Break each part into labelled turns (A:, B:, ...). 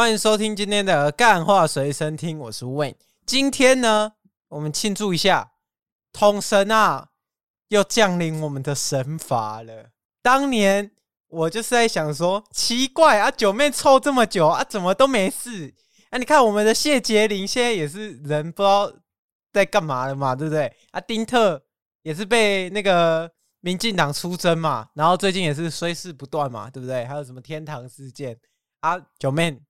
A: 歡迎收聽今天的《幹話隨身聽》，我是 Wayne。今天呢，我們慶祝一下，統神啊，又降臨我們的神罰了。當年我就是在想說，奇怪啊，九妹抽這麼久啊，怎麼都沒事？啊你看我們的謝婕翎現在也是人不知道在幹嘛了嘛，對不對？啊，丁特也是被那個民進黨出征嘛，然後最近也是衰事不斷嘛，對不對？還有什麼天堂事件啊，九妹。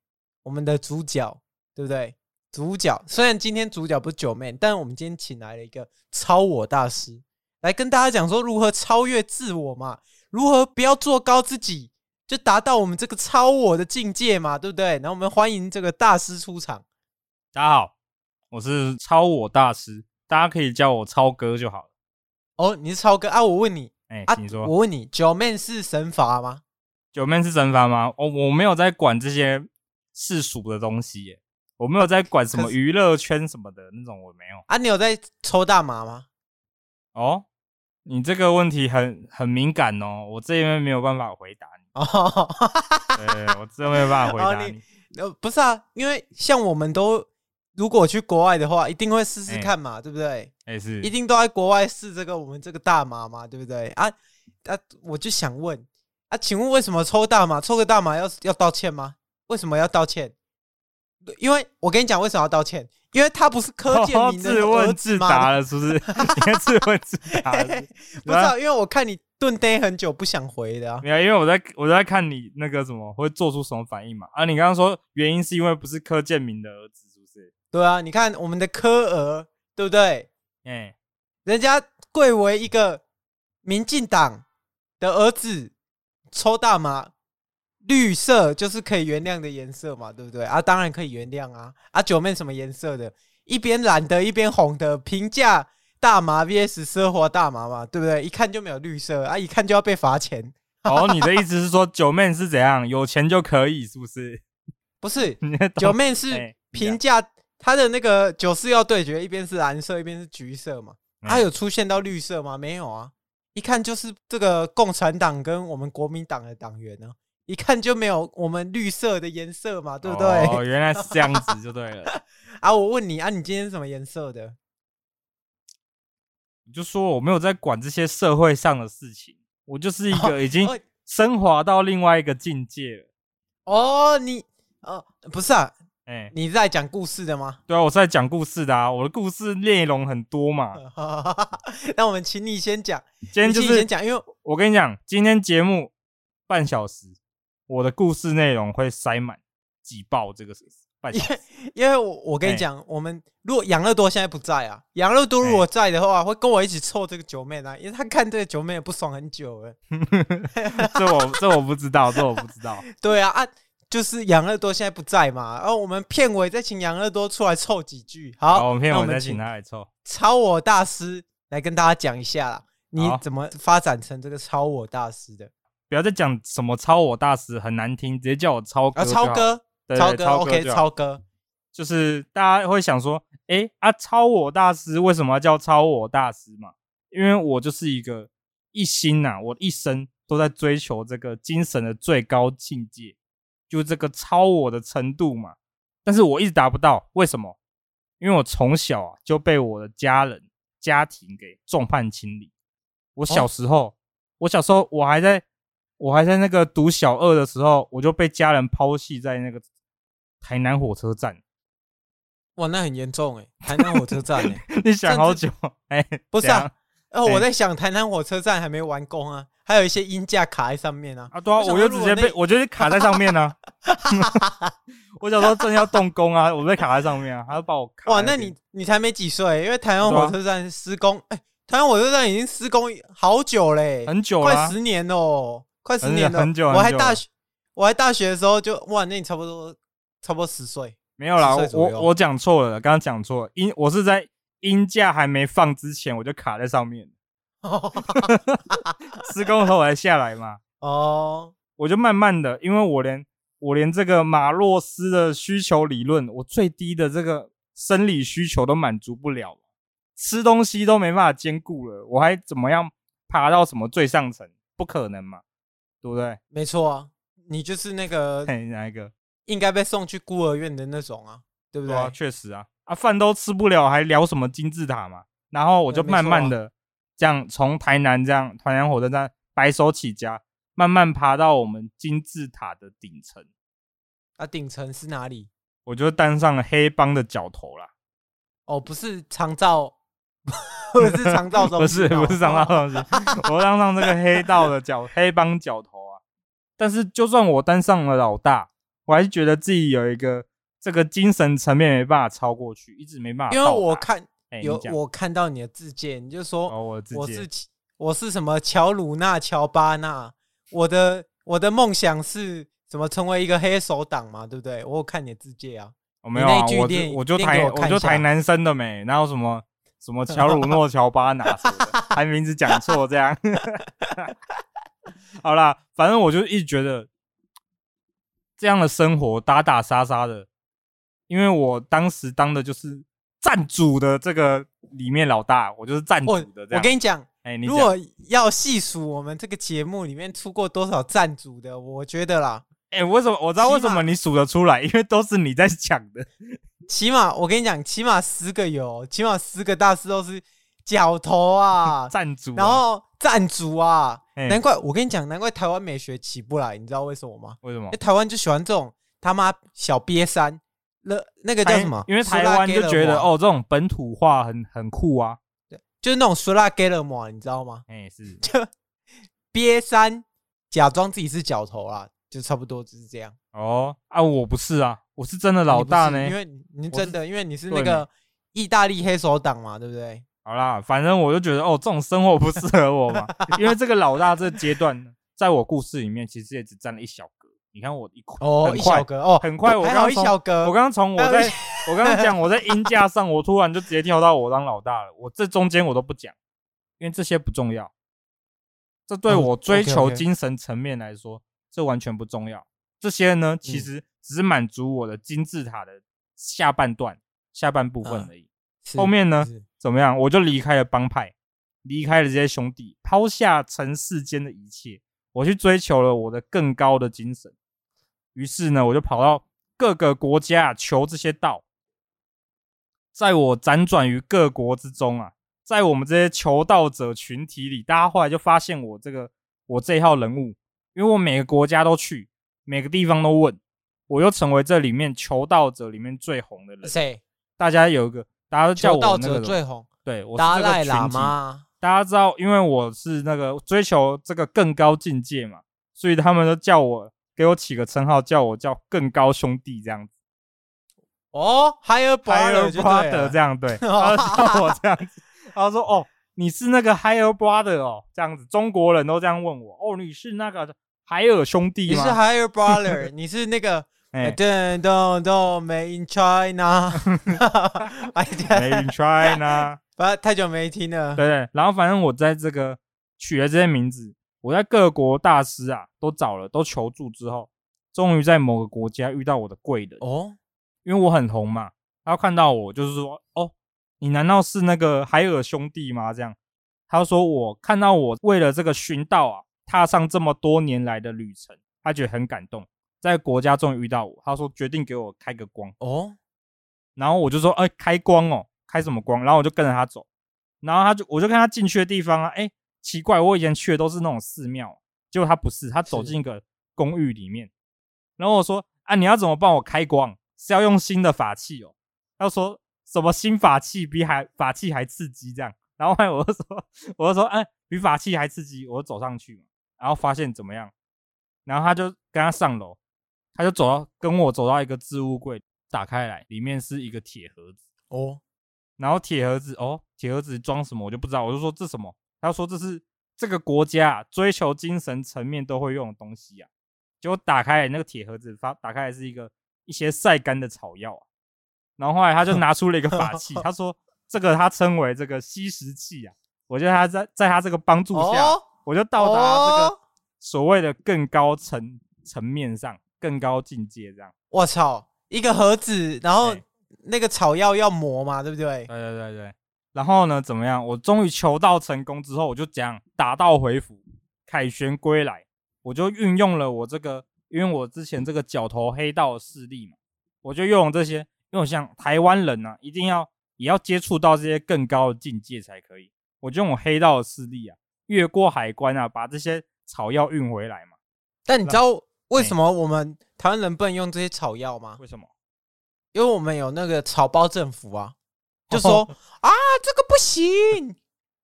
A: 我們的主角，對不對？主角雖然今天主角不是九妹，但是我們今天請來了一個超我大師來跟大家講說如何超越自我嘛，如何不要做高自己，就達到我們這個超我的境界嘛，對不對？然後我們歡迎這個大師出場。
B: 大家好，我是超我大師，大家可以叫我超哥就好
A: 了。哦，
B: 你是超哥啊？我問你，哎、欸，啊，你說，我問
A: 你，九妹是神罰嗎？
B: 九妹是神罰嗎？哦，我沒有在管這些。世俗的東西耶，我沒有在管什麼娛樂圈什
A: 麼的那種，我沒有啊。你有在抽大麻嗎？
B: 哦，你這個問題很很敏感
A: 哦，我這邊沒有辦法回答你。哦， 我真沒有辦法回答你、哦你呃。不是啊，因為像我們都如果去國外的話，一定會試試看嘛、欸，對不對？哎、欸、是，一定都在國外試這個我們這個大麻嘛，對不對？啊啊，我就想問啊，請問為什麼抽大麻？抽個大麻要要道歉嗎？為什麼要道歉？因為我跟你講，為什麼要道歉？因為他不是柯建銘的兒子嗎？自問自答了，是
B: 不是？自 問自答的是不是
A: 嘿嘿，不知道、啊。因為我看你頓呆很久，不想回的。
B: 沒有，因為我在我在看你那個什麼，會做出什麼反應嘛？啊，你剛剛說原因是因為不是柯建銘的兒子，是不
A: 是？對啊，你看我們的柯兒，對不對？哎、欸，人家貴為一個民進黨的兒子，抽大麻。綠色就是可以原諒的顏色嘛，對不對啊？當然可以原諒啊！啊，九妹什麼顏色的？一邊藍的，一邊紅的，平價大麻 vs 奢華大麻嘛，對不對？一看就沒有綠色啊，一看就要被罰錢。哦，你的
B: 意思是說九妹 是怎樣？有錢就可以是不是？
A: 不是，九妹是評價它的那個九四幺對決，一邊是藍色，一邊是橘色嘛、啊。他有出現到綠色嗎？沒有啊，一看就是這個共產黨跟我們國民黨的黨員呢、啊。一看就沒有我們綠色的顏色嘛，對不對？哦、oh, oh, oh, oh, 原來是這樣子，
B: 就對了。
A: 啊，我問你啊，你今天是什麼顏色的？
B: 你就說我沒有在管這些社會上的事情，我就是一個已經升華到另外一個境界
A: 了。哦，你哦，不是啊，哎、欸，你是在講故事的嗎？
B: 對啊，我是在講故事的啊，我的故事內容很多嘛。
A: 那我們請你先講，今天就是你請你先講，
B: 因為我，我跟你講，今天節目半小時。我的故事內容會塞滿擠爆這個半，
A: 因為因為我我跟你講、欸，我們如果楊樂多現在不在啊，楊樂多如果在的話，欸、會跟我一起湊這個九妹啊，因為他看這個九妹也不爽很久了。 這
B: 我 這我不知道， 這我不知道。
A: 對啊，啊，就是楊樂多現在不在嘛，然、啊、後我們片尾再請楊樂多出來湊幾句好。好，我們片尾再請他來湊。我請超我大師來跟大家講一下啦，你怎麼發展成這個超我大師的？
B: 不要再講什麼超我大師很難聽，直接叫我超哥、啊超哥對對對。超哥，超哥好，OK，超哥，就是大家會想說，哎、欸、啊，超我大師為什麼要叫超我大師嘛？因為我就是一個一心吶、啊，我一生都在追求這個精神的最高境界，就是、這個超我的程度嘛。但是我一直達不到，為什麼？因為我從小啊就被我的家人、家庭給眾叛親離。我小時候，哦、我小時候，我還在。我還在那個讀小二的時候，我就被家人拋棄在那個台南火車站。
A: 哇，那很嚴重哎、欸！台南火車站、欸， 你想好久哎、欸？不是啊，哦、欸，我在想台南火車站還沒完工啊，還有一些鷹架卡在上面啊。啊，對啊，我，我就直接被，我就是卡在上
B: 面啊。 我小時候正要動工啊，我被卡在上面啊，他就把我卡。哇，那你你才沒幾歲？因為台南火車
A: 站施工，誒、啊欸、台南火車站已經施工好久嘞、欸，很久、啊，快十年哦、喔。快十年了，很久很久了，我還大學，我還大學的時候就哇，那你差不多差不多十歲？沒有啦，我我
B: 講錯了，剛剛講錯，因我是在鷹架還沒放之前我就卡在上面，施 工的時候我還下來嘛，哦， 我就慢慢的，因為我連我連這個馬洛斯的需求理論，我最低的這個生理需求都滿足不了，吃東西都沒辦法兼顧了，我還怎麼樣爬到什麼最上層？不可能嘛。對不對？
A: 沒錯啊，你就是那個嘿哪一個應該被送去孤兒院的那種啊，對，啊對不對？確實啊，
B: 啊飯都吃不了，還聊什麼金字塔嘛？然後我就慢慢的這樣從台南這樣、啊、台南這樣台南火車站白手起家，慢慢爬到我們金字塔的頂層啊。頂層是哪裡？我就當上了黑幫的角頭啦。
A: 哦，不是長照， 是長照啊、 不是不是長照，不是不是長照，我當上這個黑道的
B: 角， 黑幫角。但是就算我當上了老大，我還是覺得自己有一個這個精神層面沒辦法超過去，一直沒辦法。因為我
A: 看、欸、有我看到你的自薦，你就說，哦、我自我是，我是什麼喬魯娜喬巴娜，我的我的夢想是怎麼成為一個黑手黨嘛，對不對？我有看你的自薦啊，我、哦、沒有啊，那一我就我就台我，我就抬男
B: 生的沒，然後什麼什麼喬魯諾喬巴娜 還名字講錯這樣。 好啦，反正我就一直覺得這樣的生活打打殺殺的，因為我當時當的就是站主的這個裡面老大，我就是站主的。這樣，我，我跟你講，哎、欸，如果
A: 要細數我們這個節目裡面出過多少站主的，我覺得啦，哎、欸，為什麼我知道為什麼你數得出來？因為都是你在講的，起碼我跟你講，起碼十個有，起碼十個大師都是角頭啊，站 主，啊，然後。贊助啊！難怪我跟你講，難怪台灣美學起不來，你知道為什麼嗎？為什麼？因為台灣就喜歡這種他媽小癟三，那那個叫什麼？因為台灣就覺得哦，這
B: 種本土化很很
A: 酷啊。對，就是那種 slaggermo 你知道嗎？哎，是。就癟三假裝自己是角頭啦，就差不多就是這樣。哦啊，我不是啊，我是真的老大呢。因為你真的，因為你是那個意大利黑手黨嘛，對不對？好啦，
B: 反正我就覺得哦，這種生活不適合我嘛， 因為這個老大這個階段，在我故事裡面其實也只占了一小格。你看我一塊哦，一小格哦，很快我剛剛從一小格我剛剛從我在 我剛剛講我在音架上，我突然就直接跳到我當老大了。我這中間我都不講，因為這些不重要。這對我追求精神層面來說，這、嗯 okay, okay、完全不重要。這些呢，其實只滿足我的金字塔的下半段、下半部分而已。後面呢？嗯怎麼樣？我就離開了幫派，離開了這些兄弟，拋下塵世間的一切，我去追求了我的更高的精神。於是呢，我就跑到各個國家求這些道。在我輾轉於各國之中啊，在我們這些求道者群體裡，大家後來就發現我這個我這一號人物，因為我每個國家都去，每個地方都問，我又成為這裡面求道者裡面最紅的人。大家有一個。大家都叫我那個，對，我是這個群集。大家知道，因為我是那個追求這個更高境界嘛，所以他們都叫我給我起個稱號，叫我叫更高兄弟這樣子
A: 哦。哦，Higher Brother 這樣對，然後叫我這樣
B: 子，然後說哦，你是那個 Higher Brother 哦，這樣子，中國人都這樣問我，哦，
A: 你是那個海爾兄弟嗎，你是 Higher Brother， 你是那個。哎、欸，對對對，made in China，made I didn't in China，不太久沒聽了。對
B: 對，然後反正我在這個取了這些名字，我在各國大師啊都找了，都求助之後，終於在某個國家遇到我的貴人哦，oh? 因為我很紅嘛，他看到我就是說，哦，你難道是那個海爾兄弟嗎？這樣，他說我看到我為了這個尋道啊，踏上這麼多年來的旅程，他覺得很感動。在國家終於遇到我，他說決定給我開個光哦，然後我就說哎、欸、開光哦、喔、開什麼光，然後我就跟着他走，然後他就我就看他進去的地方啊，哎、欸、奇怪我以前去的都是那種寺廟，結果他不是，他走進一個公寓裡面，然後我說啊，你要怎麼幫我開光？是要用新的法器哦、喔，他說什麼新法器，比還法器還刺激這樣，然後，後來我就說我就說哎、啊、比法器還刺激，我就走上去嘛，然後發現怎麼樣，然後他就跟他上樓。他就走到跟我走到一個置物櫃，打開來，裡面是一個鐵盒子哦，然後鐵盒子哦，鐵盒子裝什麼我就不知道，我就說這什麼？他說這是這個國家追求精神層面都會用的東西啊。結果打開來那個鐵盒子，打打開來是一個一些曬乾的草藥啊，然後後來他就拿出了一個法器，他說這個他稱為這個吸食器啊。我覺得他在在他這個幫助下，我就到達這個所謂的更高層層面上。更高境界，這樣。我操，
A: 一個盒子，然後、
B: 欸、那個草藥要磨嘛，對不對？對對對對。然後呢，怎麼樣？我終於求道成功之後，我就這樣打道回府，凱旋歸來。我就運用了我這個，因為我之前這個角頭黑道的勢力嘛，我就用這些，因為我想台灣人呢、啊，一定要也要接觸到這些更高的境界才可以。我就用我黑道的勢力啊，越過海關啊，把這些草藥運回來嘛。
A: 但你知道，為什麼我們台灣人不能用這些草藥嗎？為什麼？因為我們有那個草包政府啊，就說、oh、啊，這個不行，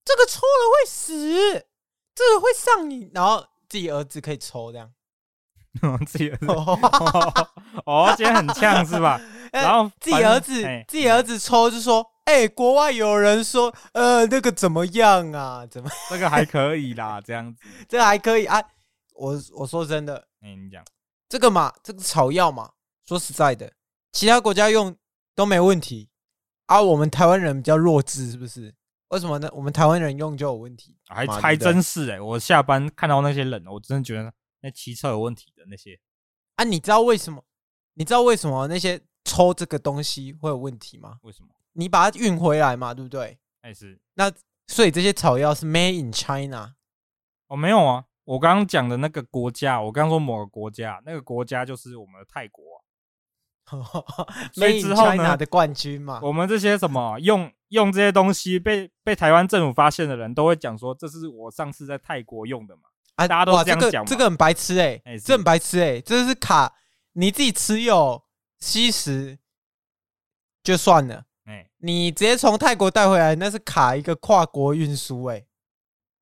A: 這個抽了會死，這個會上癮，然後自己兒子可以抽這樣。 自己兒子 哦，今天很嗆是吧？ 呃、然後自己兒子、欸，自己兒子抽就說：“哎、欸欸，國外有人說，呃，那個怎麼樣啊？怎麼？這個還可以啦， 這樣子，這個還可以啊。”我我我說真的。欸、你講這個嘛，這個草藥嘛，說實在的，其他國家用都沒問題啊。我們台灣人比較弱智，是不是？為什麼呢？我們台灣人用就有問題？還還真是哎、欸！我下班看到那些人，我真的覺得那騎車有問題的那些啊。你知道為什麼？你知道為什麼那些抽這個東西會有問題嗎？為什麼？你把它運回來嘛，對不對？那也是。那所以這些草藥是 made in China。我、哦、沒有啊。我剛
B: 剛講的那個國家，我剛剛說某個國家，那個國家就是我們的泰國、啊，
A: 所以之後拿 的冠軍嘛。我們這些什麼用
B: 用這些東西被被台灣政府發現的人，都會講說，這是我上次在泰國用的嘛。哎、啊，大家都這樣講，這個。這個很
A: 白痴哎、欸欸，這很白痴哎、欸，這是卡你自己持有吸食就算了，哎、欸，你直接從泰國帶回來那是卡一個跨國運輸哎。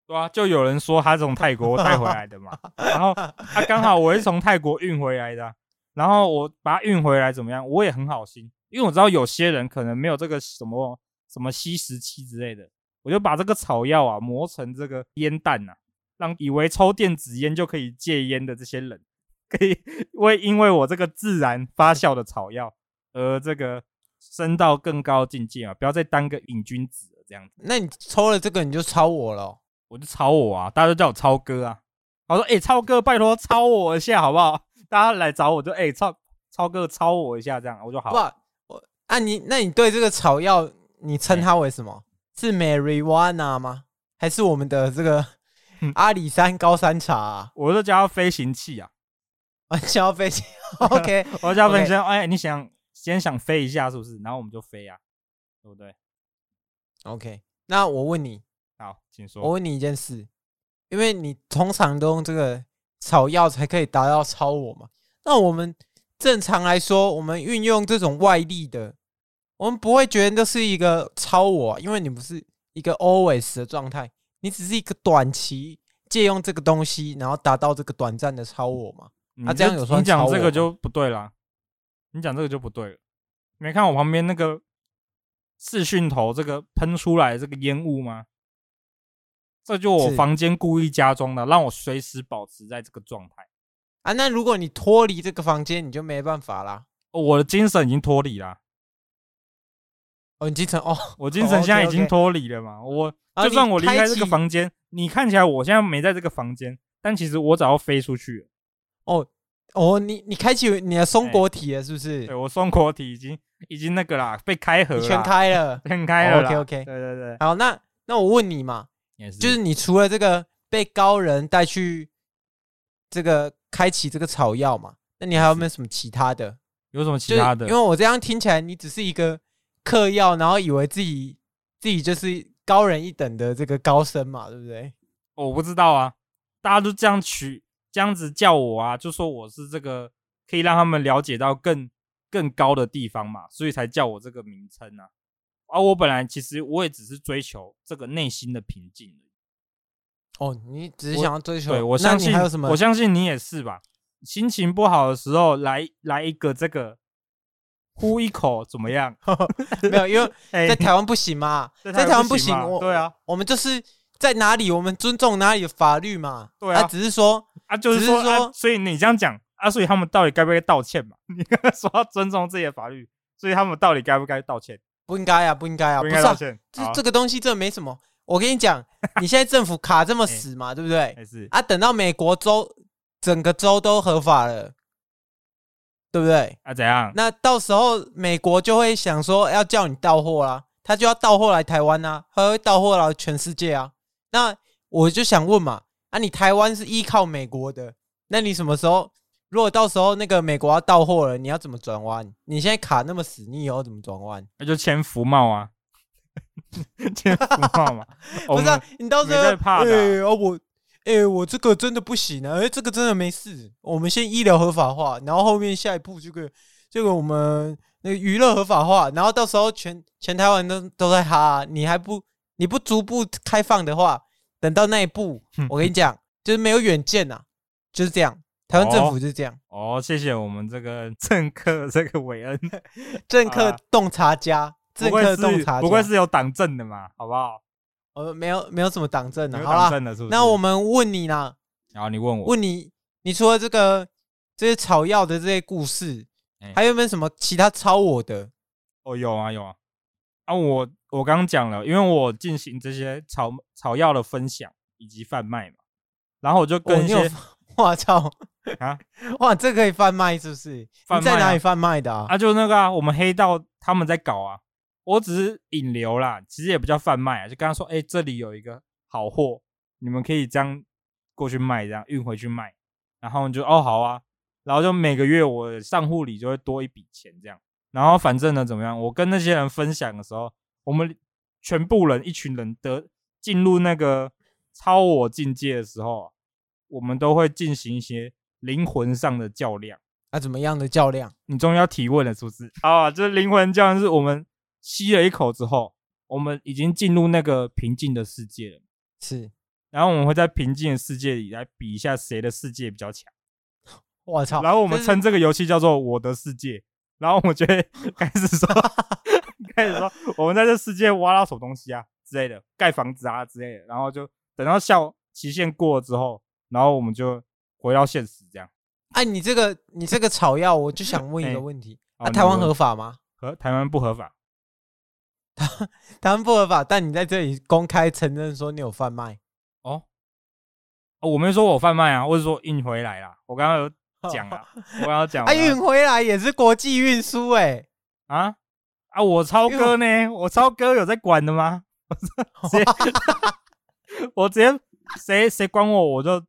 B: 對啊，就有人說他從泰國帶回來的嘛， 然後他剛、啊、好我是從泰國運回來的、啊，然後我把它運回來怎麼樣？我也很好心，因為我知道有些人可能沒有這個什麼什麼吸食器之類的，我就把這個草藥啊磨成這個煙彈吶、啊，讓以為抽電子煙就可以戒煙的這些人，可以會因為我這個自然發酵的草藥而這個升到更高境界啊，不要再當個癮君子了這樣
A: 子。那你抽了這個你就超我了、哦。我就超我啊，大家都叫我超哥啊。
B: 我說：誒超哥，拜託超我一下好不好？大家來找我就誒超超哥超我一
A: 下這樣，我就好。不、啊，我啊你那你對這個草藥，你稱它為什麼？Okay. 是 marijuana 啊嗎？還是我們的這個、嗯、阿里山高山茶、啊？我都叫飛行器啊，我、啊、叫飛行。 OK， 我叫飛行。哎、okay. 欸，你
B: 想先想飛一下是不是？然後我們就飛啊，對不對？OK，
A: 那我問你。
B: 好，請說。我問你
A: 一件事，因為你通常都用這個草藥才可以達到超我嘛？那我們正常來說，我們運用這種外力的，我們不會覺得這是一個超我啊，因為你不是一個 always 的狀態，你只是一個短期借用這個東西，然後達到這個短暫的超我嘛？啊，這樣有算超我嗎？你講這，啊、這個就不對了，你講這
B: 個就不對。沒看我旁邊那個視訊頭這個噴出來這個煙霧嗎？這就我房間故意加裝的，讓我隨時保
A: 持在這個狀態啊。那如果你脫離這個房間，你就沒辦法啦。我
B: 的精神已經脫離
A: 了。哦，你精神哦，我精神現在已經脫離
B: 了嘛。哦、okay, okay 我就算我離開這個房間，啊你，你看起來我現在沒在這個房間，但其實我早要飛出去
A: 了。哦哦，你你開啟你的松果體了是不是？哎、對，我松果體已經已經那個啦，被開合全開了，全開了、哦。OK OK，對對對。好，那那我問你嘛。是就是你除了這個被高人帶去這個開啟這個草藥嘛，那你還有沒有什麼其他的？有什麼其他的？因為我這樣聽起來，你只是一個嗑藥，然後以為自己自己就是高人一等的這個高僧嘛，對不對？哦，我不知道啊，大家都這樣取
B: 這樣子叫我啊，就說我是這個可以讓他們了解到更更高的地方嘛，所以才叫我這個名稱啊。啊，我本來其實我也只是追求這個內心的平靜，哦，
A: 你只是想要追求，我對我相信還有什麼？我相信
B: 你也是吧？心情不好的時候來來一個這個，呼一口怎麼樣？
A: 沒有，因為、欸、在台灣不,不行嘛，在台灣不行。我，對啊我，我們就是在哪裡，我們尊重哪裡的法律嘛。對啊，啊只是說啊，就是說，是說
B: 啊、所以你這樣講啊，所以他們到底該不該道歉嘛？你
A: 說到尊重這些法律，所以他們到底該不該道歉？不應該呀、啊，不應該啊！不，不是、啊，這、啊、這個東西這沒什麼。我跟你講， 你現在政府卡這麼死嘛，欸、對不對？啊，等到美國州整個州都合法了，對不對？啊，怎樣？那到時候美國就會想說要叫你到貨啦，他就要到貨來台灣啦、啊，他會到貨來全世界啊。那我就想問嘛，啊，你台灣是依靠美國的，那你什麼時候？如果到時候那個美國要到貨了，你要怎麼轉彎？你現在卡那麼死，你以後怎麼轉彎？
B: 那就千福帽啊，
A: 千 福
B: 帽嘛。 不是、啊、你到時候怕的、
A: 啊欸、我哎、欸，我這個真的不行啊。哎、欸，這個真的沒事。我們先醫療合法化，然後後面下一步就可以這個這個我們那個娛樂合法化，然後到時候全全台灣都都在哈、啊，你還不你不逐步開放的話，等到那一步，我跟你講，就是沒有遠見吶、啊，就是這樣。台灣政府是這樣
B: 哦，哦，謝謝我們這個政客，這個偉
A: 恩 政， 政客洞察家，政客洞察， 不愧是有黨政的嘛？好不好？呃、哦，沒有，沒有什麼黨政的，好有黨政的是不是、啊？那我們問你呢？然後、啊、你問我，問你，你除了這個這些草藥的這些故事、欸，還有沒有什麼其他抄我的？哦，有啊，有啊，啊，我我剛講了，因為我
B: 進行這些草草藥的分享以及販賣嘛，然後我就跟一些。哦
A: 我操啊！哇，這可以販賣是不是？啊、你在哪裡販賣的啊？啊，
B: 就那個啊，我們黑道他們在搞啊。我只是引流啦，其實也不叫販賣啊。就剛剛說，哎、欸，這裡有一個好貨，你們可以這樣過去賣，這樣運回去賣。然後就哦，好啊。然後就每個月我帳戶裡就會多一筆錢這樣。然後反正呢，怎麼樣？我跟那些人分享的時候，我們全部人一群人得進入那個超我境界的時候啊。我們都會進行一些靈魂上的較量。啊，怎麼樣的較量？你終於要提問了，是不是？ 啊，這靈魂較量、就是我們吸了一口之後，我們已經進入那個平靜的世界了。是。然後我們會在平靜的世界裡來比一下誰的世界比較強。
A: 我操！然後我們稱
B: 這個遊戲叫做《我的世界》。然後我們就會開始說， 開始說我們在這世界挖到什麼東西啊之類的，蓋房子啊之類的。然後就等到效期限過了之後。然後我們就回到現實，這樣。
A: 哎，你這個你這個草藥，我就想問一個問題、欸。啊、台灣合法嗎？合？台灣不合法。台台灣不合法，但你在這裡公開承認說你有販賣哦。哦，我沒說我販賣啊，我是
B: 說運回來啦。我剛剛有講了、哦，我剛剛講了。啊，
A: 運回來也是國際運輸、
B: 欸，哎、啊。啊啊，我超哥呢？我，我超哥有在管的嗎？ 誰哇笑我直接，我直接，誰誰管我，我就。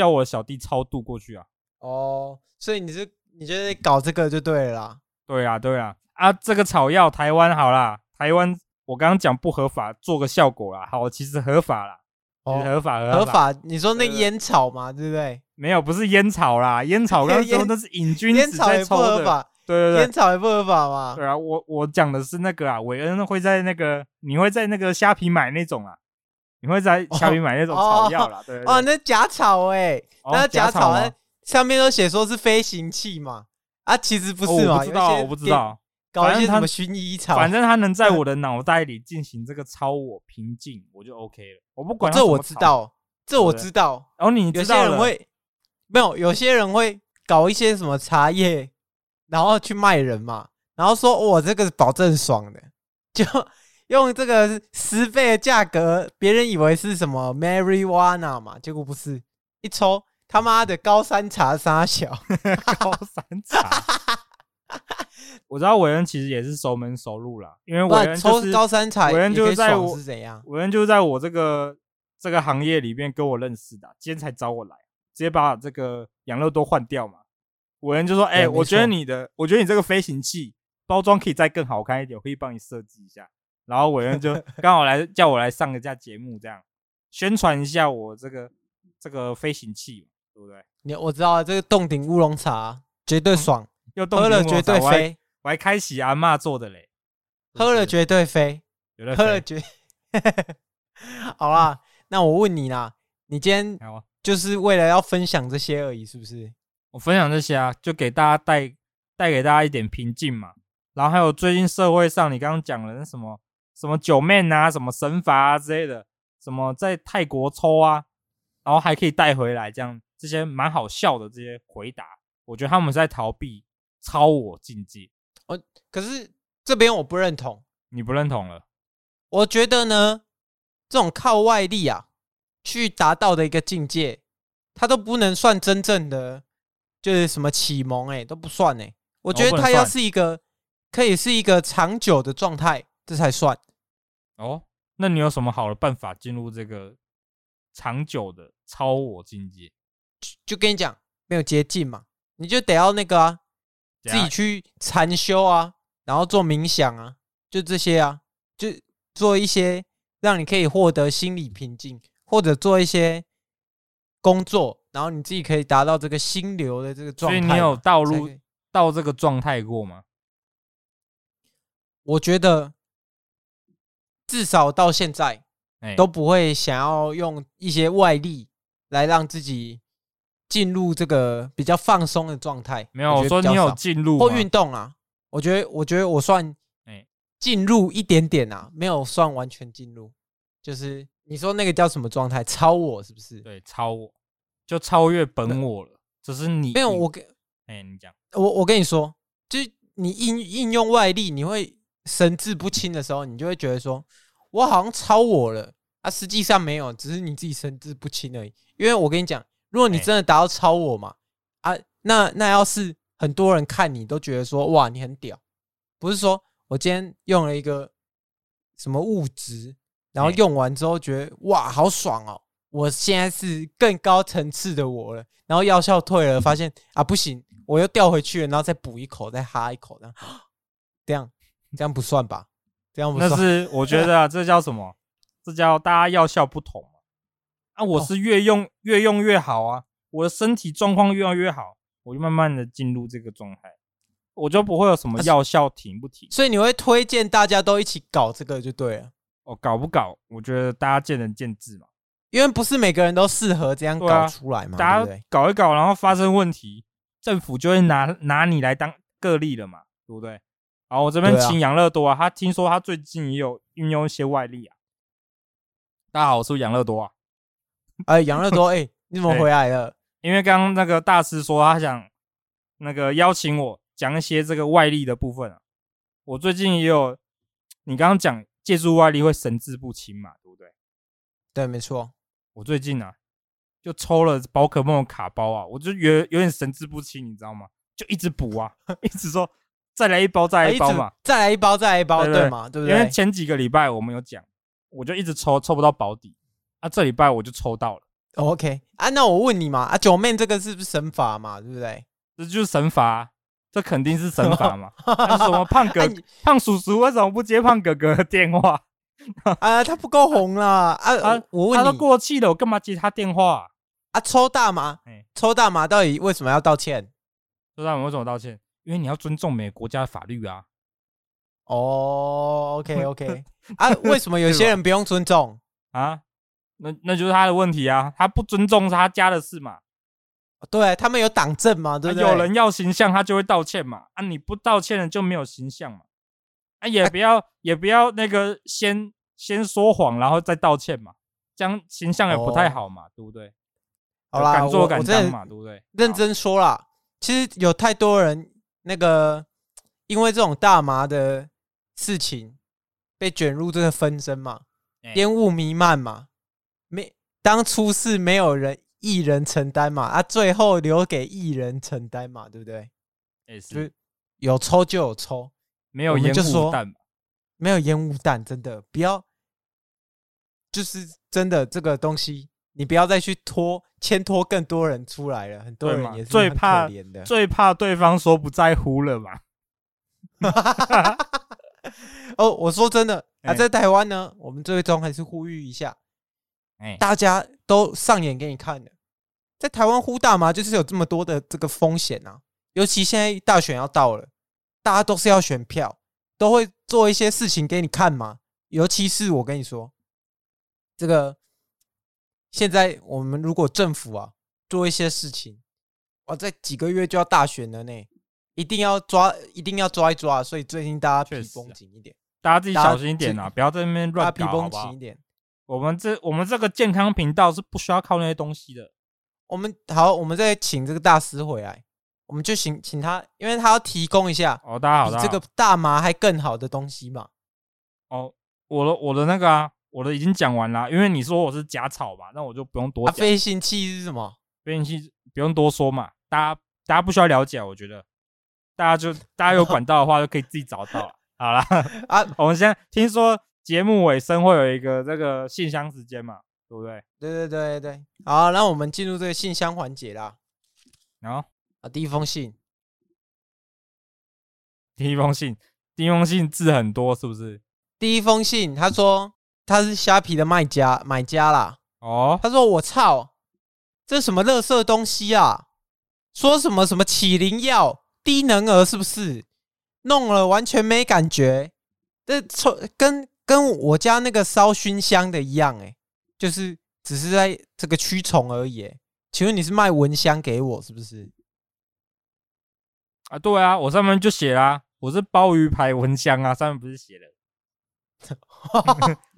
B: 叫我小弟超度過去啊！
A: 哦、oh，所以你是你就是搞這個就對了？
B: 對啊，對啊，啊，這個草藥台灣好啦，台灣我剛剛講不合法，做個效果啦。好，其實合法啦，oh, 合法合法，合法。
A: 你說那煙草嘛，對不對，對，對，對，對？
B: 沒有，不是煙草啦，煙草那時候都是癮君子才抽的，煙草也不合法對，對對，煙草也不合法嘛。對啊，我我講的是那個啊，韋恩會在那個，你會在那個蝦皮買那種啊。你會在橋邊買那種草藥啦對？哦，
A: 哦哦、那假草哎、欸，那假草、哦，上面都寫說是飛行器嘛？啊、哦，其實不是，不知道，我不知道。搞一些什麼薰衣草，反正它
B: 能在我的腦袋裡進行這個超我平靜，我就 OK 了。我不管、哦、這我知道，這我知道。然後有些人會
A: 沒有，有些人會搞一些什麼茶葉，然後去賣人嘛，然後說我、哦、這個保證爽的，就。 用這個十倍的價格，別人以為是什麼 marijuana 嘛，結果不是，一抽他媽的高山茶殺小， 高山茶。哈
B: 哈哈。我知道偉恩其實也是熟門熟路啦，因為我、就是、抽高山茶，偉恩就是在我偉恩就是在我這個這個行業裡面跟我認識的、啊，今天才找我來，直接把這個羊肉都換掉嘛。偉恩就說：“哎、欸，我覺得你的，我覺得你這個飛行器包裝可以再更好看一點，我可以幫你設計一下。” 然後我恩就剛好來叫我來上一下節目，這樣宣傳一下我這個這個飛行器，對不對？
A: 你我知道了，這個凍頂烏龍茶絕對爽，嗯、又喝了絕對飛，我還，我還開喜阿嬤做的嘞，是是，喝了絕對飛，喝了絕對飛。 好啊，那我問你啦，你今天就是為了要分享這些而已，是不是？我分享這些啊，就給大家帶帶給大家一點平靜嘛。
B: 然後還有最近社會上你剛剛講了那什麼。什麼九面啊，什麼神罰啊之類的，什麼在泰國抽啊，然後還可以帶回來這樣，這些蠻好笑的這些回答，我覺得他們在逃避超我境界。我
A: 可是這邊我不認同。
B: 你不認同了？
A: 我覺得呢，這種靠外力啊去達到的一個境界，它都不能算真正的，就是什麼啟蒙哎、欸、都不算哎、欸。我覺得它要是一個、哦、可以是一個長久的狀態，這才算。哦，那你有什麼
B: 好的辦法進入這個長久的超我境界？就就
A: 跟你講，沒有捷徑嘛，你就得要那個啊，自己去禪修啊，然後做冥想啊，就這些啊，就做一些讓你可以獲得心理平靜，或者做一些工作，然後你自己可以達到這個心流的這個狀態。所以你有道路到這個狀態過嗎？我覺得。至少到現在，都不會想要用一些外力來讓自己進入這個比較放鬆的狀態。沒有，我說你有進入或運動啊？我覺得，我覺得我算進入一點點啊，沒有算完全進入。就是你說那個叫什麼狀態？超我是不是？對，超我就超越本我了。只是你沒有我跟哎、欸，你講我，我跟你說，就是你應應用外力，你會。神志不清的時候，你就會覺得說，我好像超我了。啊，實際上沒有，只是你自己神志不清而已。因為我跟你講，如果你真的達到超我嘛，欸、啊，那那要是很多人看你都覺得說，哇，你很屌。不是說我今天用了一個什麼物質，然後用完之後覺得，欸、哇，好爽哦、喔，我現在是更高層次的我了。然後藥效退了，發現啊，不行，我又掉回去了，然後再補一口，再哈一口，這樣。這樣。這樣不算吧？這樣不算，那是我覺得、啊、這叫什麼？
B: 欸啊、這叫大家藥效不同嘛？啊，啊，我是越用越用越好啊！我的身體狀況越用越好，我就慢慢的進入這個狀態，我就不會有什麼藥效
A: 停不停、啊。所以你會推薦大家都一起搞這個就對了。哦，搞不搞？我覺得大家見仁見智嘛，啊、因為不是每個人都適合這樣搞出來嘛，對不對？大家搞
B: 一搞，然後發生問題，政府就會拿拿你來當個例了嘛，對不對？好，我這邊請楊樂多啊，啊。他聽說他最近也有運用一些外力啊。大家好，我是楊樂多啊。哎、欸，楊樂多，哎、欸， 你怎麼回來了？欸、因為剛剛那個大師說他想那個邀請我講一些這個外力的部分啊。我最近也有，你剛剛講借助外力會神志不清嘛，對不對？對，沒錯。我最近啊，就抽了寶可夢卡包啊，我就有有點神志不清，你知道嗎？就一直補啊， 一直說。再來一包，再來一包嘛、啊一！再來一包，再來一包對對對，對嘛？對不對？因為前幾個禮拜我們有講，我就一直抽抽不到保底啊，這禮拜我就抽到了。
A: Oh, OK，嗯、啊，那我問你嘛，啊，九妹這個是不是神罰嘛？對不對？這就是神罰，這肯定是神罰嘛！ 什麼
B: 胖哥、啊、胖叔叔，為什麼不接胖哥哥的電話？ 啊，他不夠紅
A: 了啊！我問你，他都過氣了，我幹嘛接他電話啊？啊，抽大麻、欸，抽大麻到底為什麼要道歉？抽大麻為什麼道歉？因為你要尊重每個國家的法律啊、oh,！哦，OK OK 啊，為什麼有些人不用尊重
B: 啊？那那就是他的問題啊，他不尊重他家的事嘛。
A: 對，他們有黨政嘛，對不對？啊，有人
B: 要形象，他就會道歉嘛。啊，你不道歉，了就沒有形象嘛。啊，也不要 也不要那個先先說謊，然後再道
A: 歉嘛，這樣形象也不太好
B: 嘛，oh. 對不對？好啦，敢做我敢當嘛，對不對？
A: 認真說啦，其實有太多人。那個，因為這種大麻的事情，被捲入這個紛爭嘛，煙、欸、霧彌漫嘛，沒，當初是沒有人，一人承擔嘛，啊，最後留給一人承擔嘛，對不對？欸、是。就是、有抽就有抽，沒有煙霧彈，沒有煙霧彈，真的不要，就是真的這個東西。你不要再去拖牽拖更多人出來了，很多人也是很可憐的，最怕，最怕對方說不在乎了嘛。 哦，我說真的、欸、啊，在台灣呢，我們最終還是呼籲一下、欸，大家都上演給你看的，在台灣呼大麻就是有這麼多的這個風險啊，尤其現在大選要到了，大家都是要選票，都會做一些事情給你看嘛。尤其是我跟你說這個。現在我們如果政府啊做一些事情，哇，在幾個月就要大選了呢，一定要抓，一定要抓一抓，所以最近大家皮繃緊一點，大家自己小心一點啊，不要在那邊亂搞。大家皮繃緊一點，我們這我們這個健康頻道是不需要靠那些東西的。我們好，我們再請這個大師回來，我們就請請他，因為他要提供一下哦，大家好，這個大麻還更好的東西嘛？哦，哦我的我的那個啊。我都已經講
B: 完了，因為你說我是假草嘛，那我就不用多。飛行器是什麼？飛行器不用多說嘛，大家大家不需要了解，我覺得大家就大家有管道的話就可以自己找到。好了啊， 啦啊 我們現在聽說節目尾聲會有一個這個
A: 信箱時間嘛，對不對？對對對對。好，那我們進入這個信箱環節啦。然後啊，第一封信，
B: 第一封
A: 信，第一封信字很多，是不是？第一封信，他說。他是蝦皮的賣家買家啦哦，他說我操，這什麼樂色東西啊？說什麼什麼啟靈藥，低能兒是不是？弄了完全沒感覺，這臭跟跟我家那個燒熏香的一樣誒、欸，就是只是在這個驅蟲而已、欸。請問你是賣蚊香給我是不是？啊，對啊，我上面就寫啦、啊，我是鮑
B: 魚牌蚊香啊，上面不是寫了？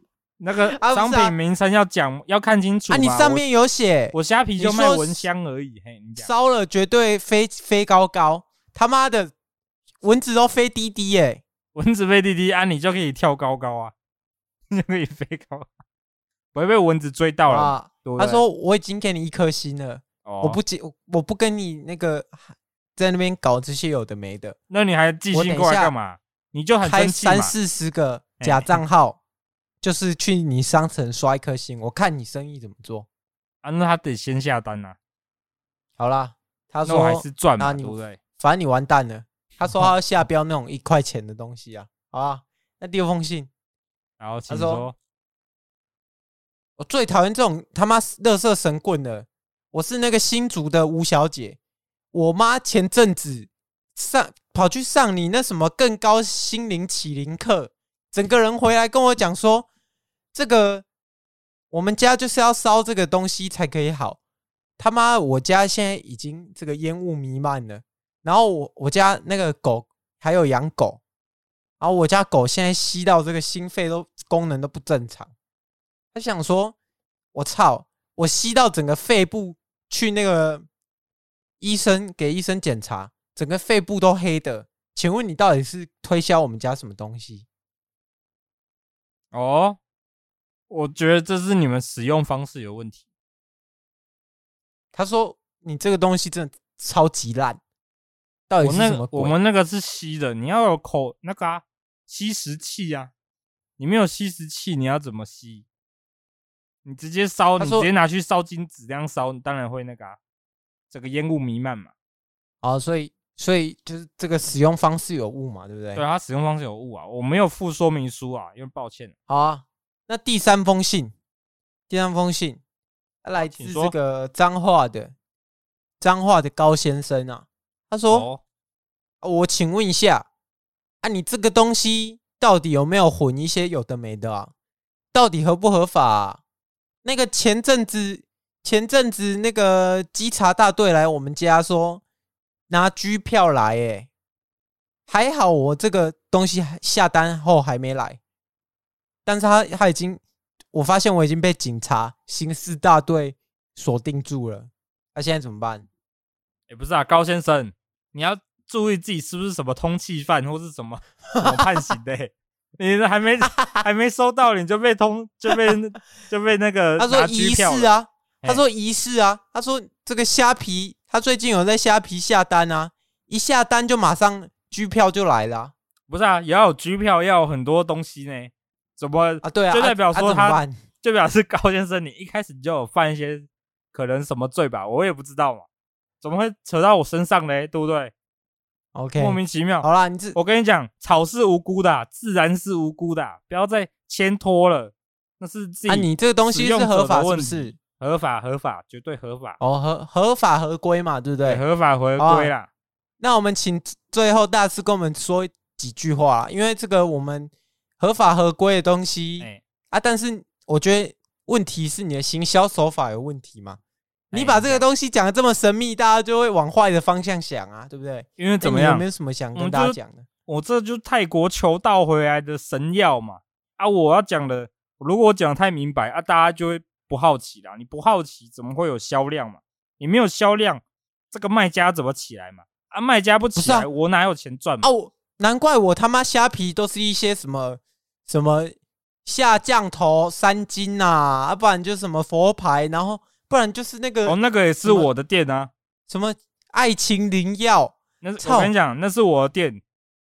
B: 那個商品
A: 名稱要講，要看清楚啊，啊，啊，啊！你上面有寫，我蝦皮就賣蚊
B: 香而已，嘿！你
A: 講，燒了絕對飛飛高高，他媽的蚊子都飛滴滴誒、欸，
B: 蚊子飛滴滴，啊，你就可以跳高高啊，
A: 就可以飛高高，不
B: 會被蚊子追到了。啊、對他說
A: 我已經給你一顆心了，哦、我不接，我不跟你那個在那邊搞這些有的沒的，那你還寄信過來幹嘛？你就開三四十個假賬號。嘿嘿就是去你商城刷一顆星，我看你生意怎麼做啊？那他得先下單吶、啊。好啦，他說還是賺、啊、你，對不對？反正你完蛋了。他說他要下標那種一塊錢的東西啊。 好啊，那第二封信，然後他說，說我最討厭這種他媽樂色神棍了。我是那個新竹的吳小姐，我媽前陣子上跑去上你那什麼更高心靈啟靈課，整個人回來跟我講說。 這個我們家就是要燒這個東西才可以好。他媽，我家現在已經這個煙霧彌漫了。然後我我家那個狗還有養狗，然後我家狗現在吸到這個心肺都功能都不正常。他想說：“我操，我吸到整個肺部去。”那個醫生給醫生檢查，整個肺部都黑的。請問你到底是推銷我們家什麼東西？哦、oh。我覺得這是你們使用方式有問題。他說：“你這個東
B: 西真的超級爛，到底是什麼鬼？我們那個是吸的，你要有口那個、啊、吸食器啊！你沒有吸食器，你要怎麼吸？你直接燒，你直接拿去燒金紙，這樣燒你當然會那個啊，這個
A: 煙霧彌漫嘛。好、啊，所以所以就是這個使用方式有誤嘛，對不對？對，它使用方式有誤啊，我沒有附說明書啊，
B: 因為抱歉。”好
A: 啊。那第三封信，第三封信、啊、來自這個彰化的彰化、啊、的高先生啊，他說：“哦啊、我請問一下，啊，你這個東西到底有沒有混一些有的沒的啊？到底合不合法、啊？那個前陣子前陣子那個稽查大隊來我們家說拿拘票來、欸，誒，還好我這個東西下單後還沒來。”但是他他已經，我發現我已經被警察刑事大隊鎖定住了，那、啊、現在怎麼辦？
B: 也、欸、不是啊，高先生，你要注意自己是不是什麼通緝犯，或是什麼，什麼判刑的、欸？ 你還沒 還沒收到，你就被通就被
A: 就被那個他說疑似啊，他說疑似啊、欸、啊，他說這個蝦皮他最近有在蝦皮下單啊，一下單就馬上拘票就來了，
B: 不是啊，也要有拘票，要有很多東西呢。怎麼啊？對啊，就代表說他，就表示高先生，你一開始你就有犯一些可能什麼罪吧？我也不知道嘛，怎麼會扯到我身上嘞？對不對？OK，莫名其妙。好啦，你我跟你講，草是無辜的、啊，自然是無辜的、啊，不要再牽拖了。那是自己啊，你這個東西是合法問題，
A: 合法合法，絕對合法。哦，合合法合規嘛，對不對？對合法合規啦、哦。那我們請最後大師跟我們說幾句話，因為這個我們。合法合規的東西，哎、欸、啊！但是我覺得問題是你的行銷手法有問題嘛？欸、你把這個東西講的這麼神秘，大家就會往壞的方向想啊，對不對？因為怎麼樣？欸、有沒有什麼想跟大家講的我？我這就
B: 泰國求道回來的神藥嘛！啊，我要講的，如果我講得太明白啊，大家就會不好奇了。你不好奇，怎麼會有銷量嘛？你沒有銷量，
A: 這個賣家怎麼起來嘛？啊，賣家不起來，啊、我哪有錢賺嘛。啊？難怪我他媽蝦皮都是一些什麼？什麼下降頭三金吶、啊？要、啊、不然就是什麼佛牌，然後不然就是那個哦，那個也是我的店啊。什麼愛情靈藥？那我跟你講，那是我的店，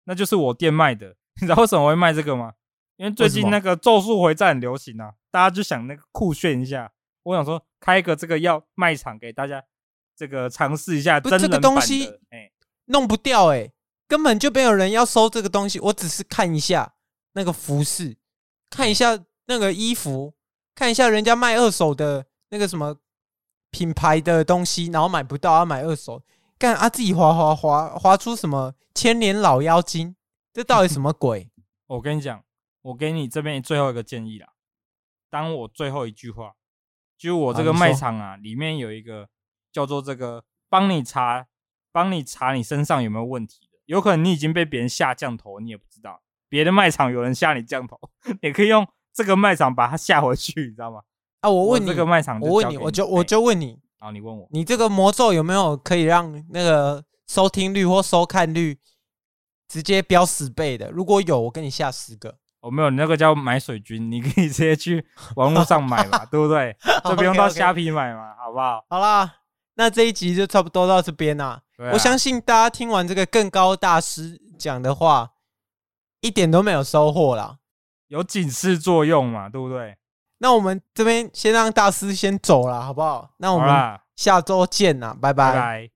A: 那就是我店
B: 賣的。你知道為什麼會賣這個嗎？因為最近那個咒術迴戰很流行啊，大家就想那個酷炫一下。我想說開一個這個藥賣場給大家這個嘗試一下真的。不，這個東西
A: 哎，弄不掉哎、欸，根本就沒有人要收這個東西。我只是看一下。那個服飾，看一下那個衣服，看一下人家賣二手的那個什麼品牌的東西，然後買不到、啊，要買二手，幹啊自己滑滑滑滑出什麼千年老妖精？這到底什麼鬼？
B: 我跟你講，我給你這邊最後一個建議啦。當我最後一句話，就我這個賣場啊，啊裡面有一個叫做這個幫你查、幫你查你身上有沒有問題的，有可能你已經被別人下降頭，你也不知道。別的賣場有人下你降頭，也可以用這個賣場把它下回去，你知道嗎？
A: 啊，我問你，我這個賣場，我問你，我就、欸、我就問你，
B: 啊，你問我，你
A: 這個魔咒有沒有可以讓那個收聽率或收看率直接飆十倍的？如果有，我給你下十個。哦，沒有，你那個叫買水軍，你可以直接去網絡上
B: 買嘛， 對不對？就不用到蝦皮買
A: 嘛，好不好？好？Okay okay，好啦，那這一集就差不多到這邊啦。我相信大家聽完這個更高大師講的話，一點都沒有收穫啦，有警示作用嘛，對不對？那我們這邊先讓大師先走啦，好不好？那我們下周見啦，好啦。拜拜。拜拜。